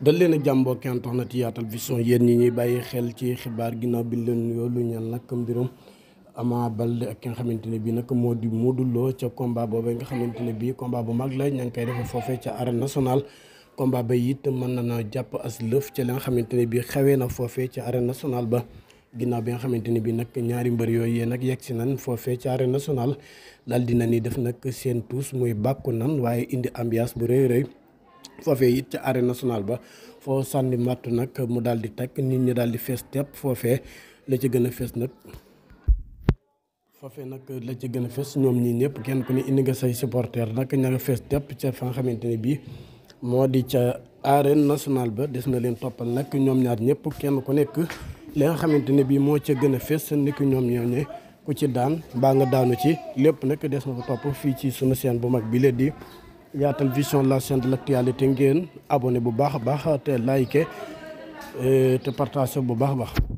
dal leen ak jàmm mbokk internet yi Yaatal Vision yéen ñi ñuy bàyyi xel ci xibaar ginnaaw bi leen nuyoo lu ñeel nag mbirum Ama Baldé ak ki nga xamante ne bii nag moo di moo Lo ca combat boobee nga xamante ne bii combat bu mag la ña ngi koy defee foofee ca arène national combat ba it mën na na jàpp as lëf ca li nga xamante ne bii xewee na foofee ca arène national ba ginnaaw bi nga xamante ne bii nag ñaari mbër yooyu yéen nag yegg si nan foofee ca arène national daal dina ni def nag seen tuus muy bàkku nan waaye indi ambiance bu rëy rëy foofee it ca arène national ba foo sànni màtt nag mu daal di teg nit ñi daal di fees tepp foofee la ci gën a fees nag foofee nag la ci gën a fees ñoom ñi ñëpp kenn ne indi nga say supporter ña fees tepp ca fa nga xamante ne bii moo di ca arène national ba des na leen toppal nag ñoom ñaar ñëpp kenn ku nekk li nga xamante ne bii moo ca gën a fees ni ñoom ñoo ñe ku ci daan baa nga daanu ci lépp nag des na ko topp fii ci sunu chaîne bu mag bi la di Yatal Vision la chaîne de l'actualité ngeen abonné bu baax a baax te like eh, te partage bu baax a baax.